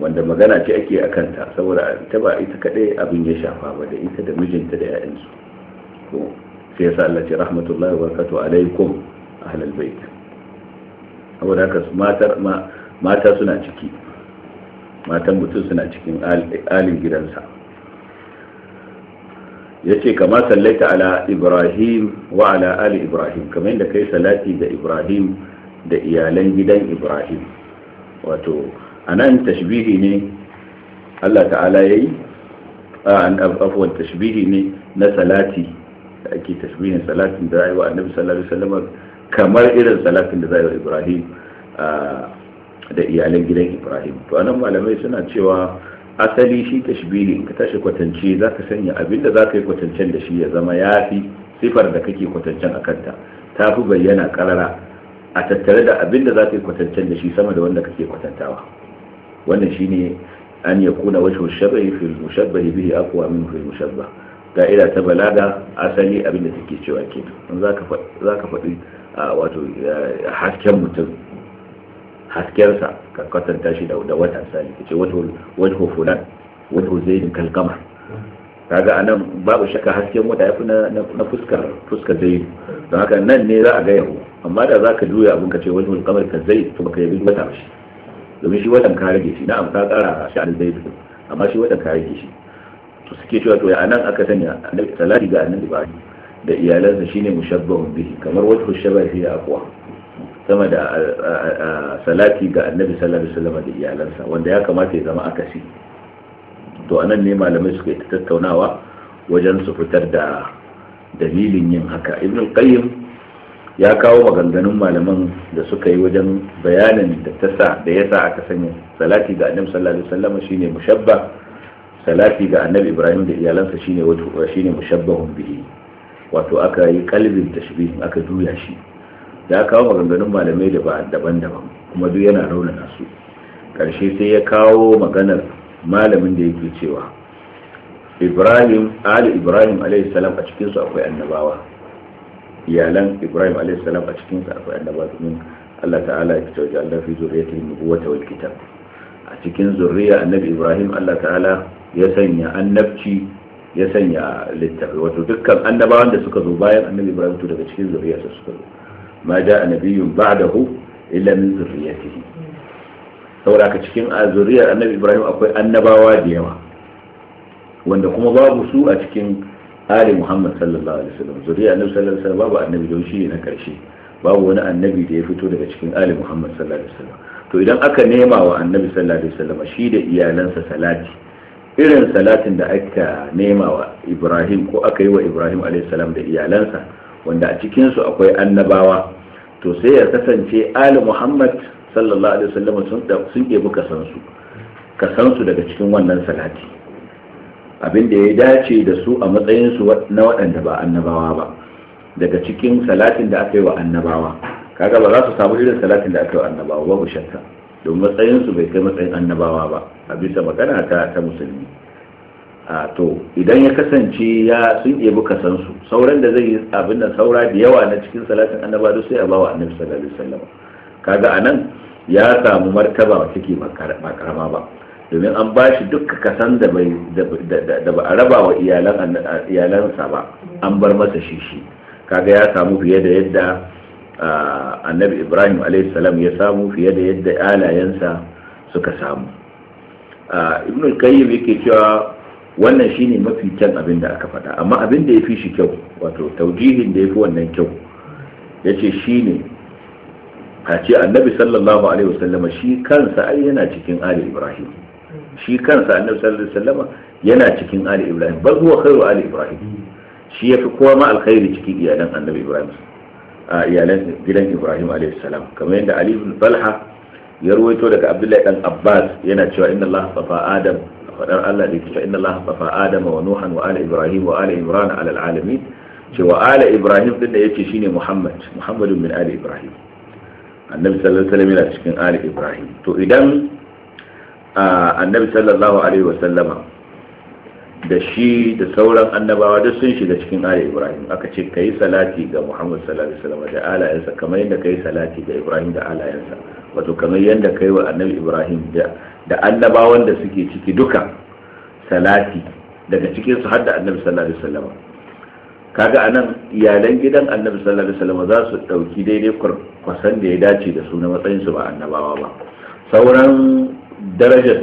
wanda magana ce ake a kanta saboda ta ba ita kaɗai abin ya shafa ba da ita da mijinta da 'ya'yansu ko sai ya sa Allah ce rahmatullahi wa barakatu alaikum ahlal bait saboda haka matar mata suna ciki matan mutum suna cikin alin gidansa ya ce kama sallaita ala ibrahim wa ala ali ibrahim kamar yadda kai salati ga ibrahim da iyalan gidan ibrahim wato a nan tashbihi ne Allah ta'ala ya yi afuwan tashbihi ne na salati da ake tashbihin salatin da zai wa annabi sallallahu alaihi kamar irin salatin da zai wa Ibrahim da iyalan gidan Ibrahim to anan malamai suna cewa asali shi tashbihi ka tashi kwatance ka sanya abin da zaka yi kwatancen da shi ya zama yafi sifar da kake kwatancen a kanta, ta fi bayyana karara a tattare da abin da zaka yi kwatancen da shi sama da wanda kake kwatantawa wannan shine an ya yakuna wajhu shabahi fil mushabbahi bihi aqwa min fil mushabbah ka'ida ta balaga asali abin da take cewa ke in za ka faɗi wato hasken mutum sa ka kwatanta shi da wata asali ka ce wato fulan wato zaidin kalkama kaga anan babu shakka hasken wata ya fi na fuskar fuskar zaidi don haka nan ne za a ga yahu amma da za ka juya abin ka ce wato kamar ka zai to baka yabi mata ba shi domin shi watan ka rage shi na'am ka tsara sha'anin zai fito amma shi watan ka rage shi to suke cewa to ya nan aka sanya salati ga annabi ba da iyalansa shine mushabbahun bihi kamar wajhu shabahi fi aqwa sama da salati ga annabi sallallahu alaihi wasallam da iyalansa wanda ya kamata ya zama akasi to anan ne malamai suka yi tattaunawa wajen su fitar da dalilin yin haka ibn qayyim ya kawo maganganun malaman da suka yi wajen bayanin da tasa da yasa aka sanya salati ga annabi sallallahu alaihi wasallam shine mushabba salati ga annabi ibrahim da iyalansa shine wato shine mushabbahun bihi wato aka yi kalbin tashbih aka juya shi ya kawo maganganun malamai daban-daban kuma duk yana raunana nasu karshe sai ya kawo maganar malamin da yake cewa ibrahim ali ibrahim alaihi salam a cikinsu akwai annabawa iyalan ibrahim alaihi a cikin sa akwai annaba domin Allah ta'ala ya fice wajen Allah fi zuriyatihi nubuwata wata kitab a cikin zuriya annabi ibrahim Allah ta'ala ya sanya annabci ya sanya littafi wato dukkan annabawan da suka zo bayan annabi ibrahim to daga cikin zuriyarsa suka zo ma ja'a nabiyyun ba'dahu illa min zuriyatihi saboda ka cikin zuriyar annabi ibrahim akwai annabawa da yawa wanda kuma babu su a cikin ali muhammad sallallahu alaihi wasallam zuriya annabi sallallahu alaihi wasallam babu annabi don shi ne na karshe babu wani annabi da ya fito daga cikin ali muhammad sallallahu alaihi wasallam to idan aka nema wa annabi sallallahu alaihi wasallam shi da iyalansa salati irin salatin da aka nema wa ibrahim ko aka yi wa ibrahim alaihi salam da iyalansa wanda a cikin su akwai annabawa to sai ya kasance ali muhammad sallallahu alaihi wasallam sun sun ɗebi kasansu kasansu daga cikin wannan salati abin da ya dace da su a matsayinsu na waɗanda ba annabawa ba daga cikin salatin da aka yi wa annabawa kaga ba za su samu irin salatin da aka yi wa annabawa babu shakka don matsayinsu bai kai matsayin annabawa ba a bisa magana ta ta musulmi a to idan ya kasance ya sun san su, sauran da zai yi abin da saura da yawa na cikin salatin annabawa sai a bawa annabi sallallahu alaihi wasallam kaga anan ya samu martaba wacce ke ba ba domin an ba shi dukka kasan da ba a raba wa iyalansa ba an bar masa shi shi kaga ya samu fiye da yadda annabi ibrahim salam ya samu fiye da yadda alayensa suka samu ibn kayyim yake cewa wannan shine mafi kyan abin da aka fada amma abin da ya fi shi kyau wato taujihin da ya fi wannan kyau ya ce shi ne a ce annabi sallallahu alaihi wasallama shi kansa ai yana cikin ali ibrahim shi kansa annabi sallallahu alaihi wasallam yana cikin ali ibrahim bal huwa khairu ali ibrahim shi yafi kowa ma alkhairi cikin iyalan annabi ibrahim a iyalan gidan ibrahim alaihi salam kamar yadda ali ibn talha ya ruwaito daga abdullahi dan abbas yana cewa inna allah safa adam fadar allah da cewa inna allah safa adam wa nuhan wa ala ibrahim wa ala imran ala alamin cewa ala ibrahim din da yace shine muhammad muhammadun min ali ibrahim annabi sallallahu alaihi wasallam yana cikin ali ibrahim to idan annabi sallallahu alaihi wasallama da shi da sauran annabawa duk sun shiga cikin ali ibrahim aka ce ka yi salati ga muhammad sallallahu alaihi wasallam da alayensa kamar yadda ka yi salati ga ibrahim da alayensa wato kamar yadda ka yi wa annabi ibrahim da annabawan da suke ciki duka salati daga cikin su har da annabi sallallahu alaihi wasallam kaga anan iyalan gidan annabi sallallahu alaihi wasallam za su dauki daidai kwasan da ya dace da su na matsayin su ba annabawa ba sauran darajar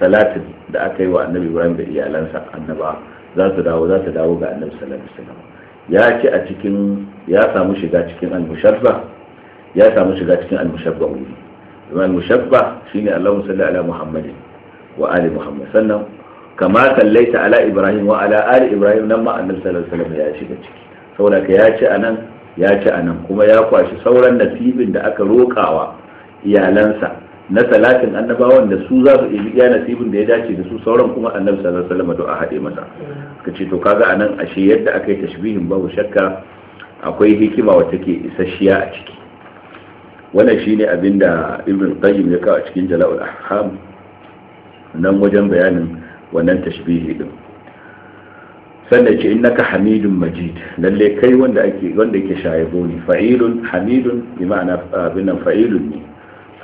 salatin da aka yi wa annabi ibrahim da iyalansa annaba za su dawo za su dawo ga annabi sallallahu alaihi wasallam ya ce a cikin ya samu shiga cikin al-mushabba ya samu shiga cikin al-mushabba wuri al-mushabba shine Allahu salli ala Muhammadin wa ali Muhammad sannan kama sallaita ala Ibrahim wa ala ali Ibrahim nan ma annabi sallallahu alaihi wasallam ya shiga ciki saboda ka ya ci anan ya ci anan kuma ya kwashi sauran nasibin da aka rokawa iyalansa na talatin annabawan da su za su ɗebi iya nasibin da ya dace da su sauran kuma annabi sallallahu alaihi wasallam a haɗe masa ka ce to kaga anan ashe yadda aka yi tashbihin babu shakka akwai hikima wacce ke isasshiya a ciki wannan shine abin da ibn qayyim ya kawo a cikin jala'ul ahkam nan wajen bayanin wannan tashbihi din sannan ce innaka hamidun majid lalle kai wanda ake wanda yake shayabo ne fa'ilun hamidun bi ma'ana abin nan fa'ilun ne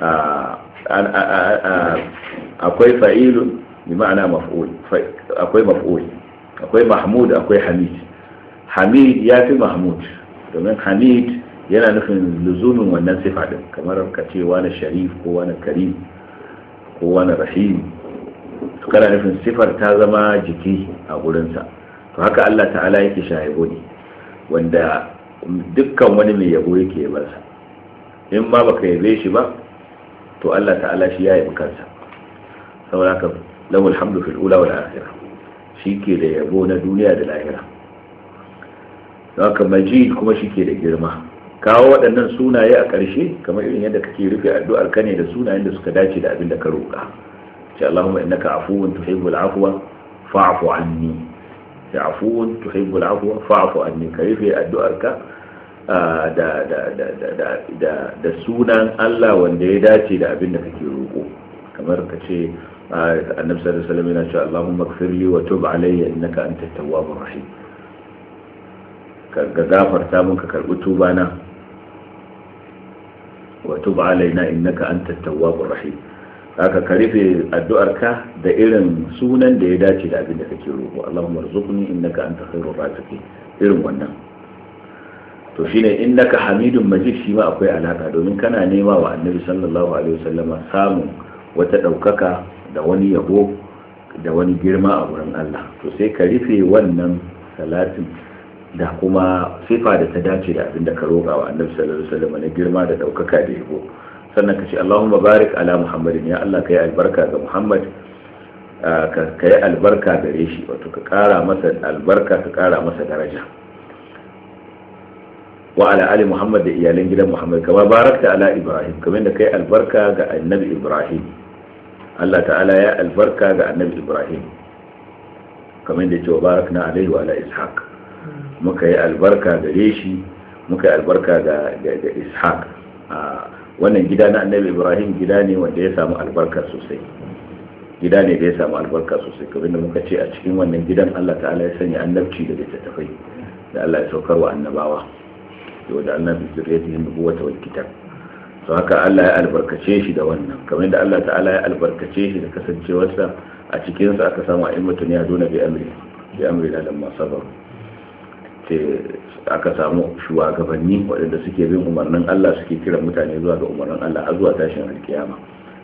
ah, akwai fa'ilun bi ma'ana maf'ul akwai maf'ul akwai mahmud akwai hamid hamid ya fi mahmud domin hamid yana nufin luzumin wannan sifa din kamar ka ce wani sharif ko wani karim ko wani rahim kana nufin sifar ta zama jiki a gurinsa to haka Allah ta'ala yake shahibo ne wanda dukkan wani mai yabo yake yabarsa in ma baka yabe shi ba to Allah ta'ala shi ya yabi kansa saboda haka lahu alhamdu fil ula wal akhirah shike da yabo na duniya da lahira haka majid kuma shike da girma kawo waɗannan sunaye a ƙarshe kamar irin yadda kake rufe addu'ar ka ne da sunayen da suka dace da abin da ka roƙa ce Allahumma innaka afuwun tuhibbul afwa fa'fu anni ya afuwun tuhibbul afwa fa'fu anni ka rufe addu'ar ka da sunan Allah wanda ya dace da abin da kake roƙo kamar ka ce annabi sallallahu alaihi wasallam yana cewa Allahumma li wa tub alayya innaka antat tawwabur rahim ka gafarta mun ka karbi tuba na wa tub alayna innaka antat tawwabur rahim haka ka rufe addu'arka da irin sunan da ya dace da abin da kake roƙo Allahumma rzuqni innaka antas khairur raziqin irin wannan to shine naka hamidun majid shi ma akwai alaka domin kana nema wa annabi sallallahu alaihi wasallama samun wata ɗaukaka da wani yabo da wani girma a wurin Allah to sai ka rufe wannan salatin da kuma sifa da ta dace da abin da ka roƙa wa annabi sallallahu alaihi wasallama na girma da ɗaukaka da yabo sannan ka ce Allahumma barik ala Muhammadin ya Allah ka yi albarka ga Muhammad ka yi albarka gare shi wato ka kara masa albarka ka kara masa daraja wa ala ali muhammad da iyalan gidan muhammad kama barakta ala ibrahim kamar da kai albarka ga annabi ibrahim Allah ta'ala ya albarka ga annabi ibrahim kamar da cewa barakna alaihi wa ala ishaq muka yi albarka gare shi muka yi albarka ga ishaq wannan gida na annabi ibrahim gida ne wanda ya samu albarka sosai gida ne da ya samu albarka sosai kamar da muka ce a cikin wannan gidan Allah ta'ala ya sanya annabci da littattafai da Allah ya saukar wa annabawa ce wajen Allah bi zuriyatihim nubuwata wal kitab to haka Allah ya albarkace shi da wannan kamar yadda Allah ta'ala ya albarkace shi da kasancewarsa a cikin sa aka samu a'immatu ne yaduna bi amri bi amri da lamma sabar ce aka samu shugabanni waɗanda suke bin umarnin Allah suke kira mutane zuwa ga umarnin Allah a zuwa tashin alkiyama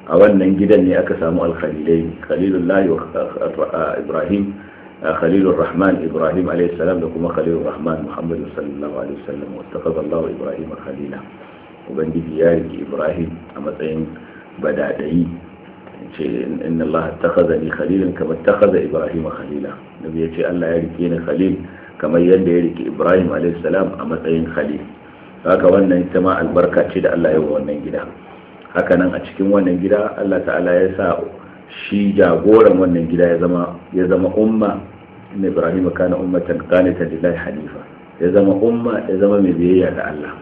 a wannan gidan ne aka samu alkhalilai khalilullahi wa ibrahim خليل الرحمن إبراهيم عليه السلام لكم خليل الرحمن محمد صلى الله عليه وسلم واتخذ الله إبراهيم خليلا وبنجي يارك إبراهيم أما تين بدأتي إن الله اتخذني خليلا كما اتخذ إبراهيم خليلا نبي يتي الله ياركيني خليل كما يند يارك إبراهيم عليه السلام أما تين خليل haka wannan ita ma albarka ce da Allah ya wa wannan gida haka nan a cikin wannan gida Allah ta'ala ya sa shi jagoran wannan gida ya zama ya zama umma inna ibrahima kana ummatan ta lillahi hanifa ya zama umma ya zama mai biyayya da Allah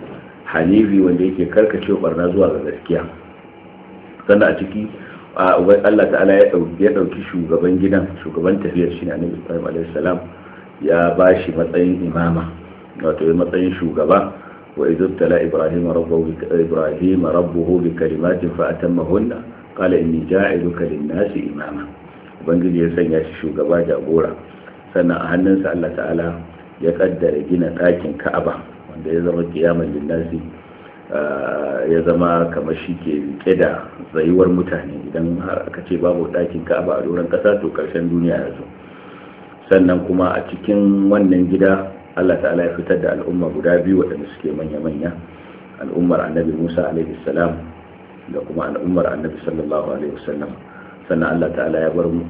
hanifi wanda yake karkace barna zuwa ga gaskiya sannan a ciki Allah ta'ala ya ɗauki shugaban gidan shugaban tafiyar shi ne ibrahim alaihi salam ya ba shi matsayin imama wato matsayin shugaba wa idh tala ibrahim rabbuhu ibrahim rabbuhu bi kalimatin fa atammahunna qala inni ja'iluka lin-nasi imama ubangiji ya sanya shi shugaba jagora sannan a hannunsa Allah ta'ala ya kaddara gina ɗakin ka'aba wanda ya zama kiyaman linnasi eh, ya zama kamar shi ke rike da tsayuwar mutane idan har aka ce babu ɗakin ka'aba a doron ƙasa to ƙarshen duniya ya zo sannan kuma a cikin wannan gida Allah ta'ala ya fitar da al'umma guda biyu waɗanda suke manya-manya al'ummar annabi Musa alaihi salam da kuma al'ummar annabi sallallahu alaihi wasallam sannan Allah ta'ala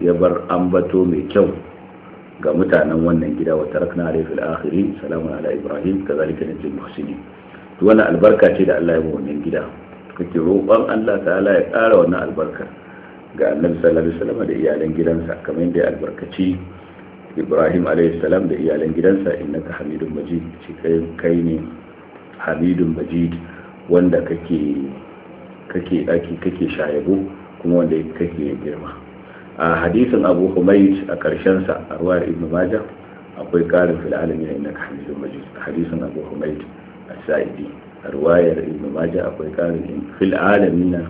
ya bar ambato mai kyau ga mutanen wannan gida wa tarakna alayhi fil akhiri salamun ala ibrahim kazalika najil muhsinin to wannan albarka ce da Allah ya yi wannan gida kake roƙon Allah ta'ala ya ƙara wannan albarka ga annabi sallallahu alaihi wasallam da iyalan gidansa kamar yadda ya albarkaci Ibrahim alaihi salam da iyalan gidansa innaka Hamidun Majid ce kai kai ne Hamidun Majid wanda kake kake kake kuma wanda kake girma a hadisin abu humayit a karshen sa a ruwa ibn majah akwai ƙarin fil na innaka hamidun majid hadisin abu humayit a saidi a ruwayar ibn majah akwai ƙarin fil alamin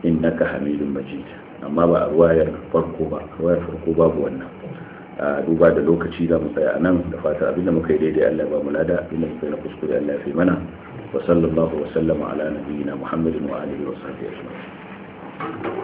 innaka hamidun majid amma ba a ruwayar farko ba ruwayar farko babu wannan a duba da lokaci za mu tsaya nan da fata abinda muka yi daidai Allah ba mu lada abinda muka yi na kuskure Allah ya fi mana wa sallallahu wa sallama ala nabiyyina Muhammadin wa alihi wa sahbihi ajma'in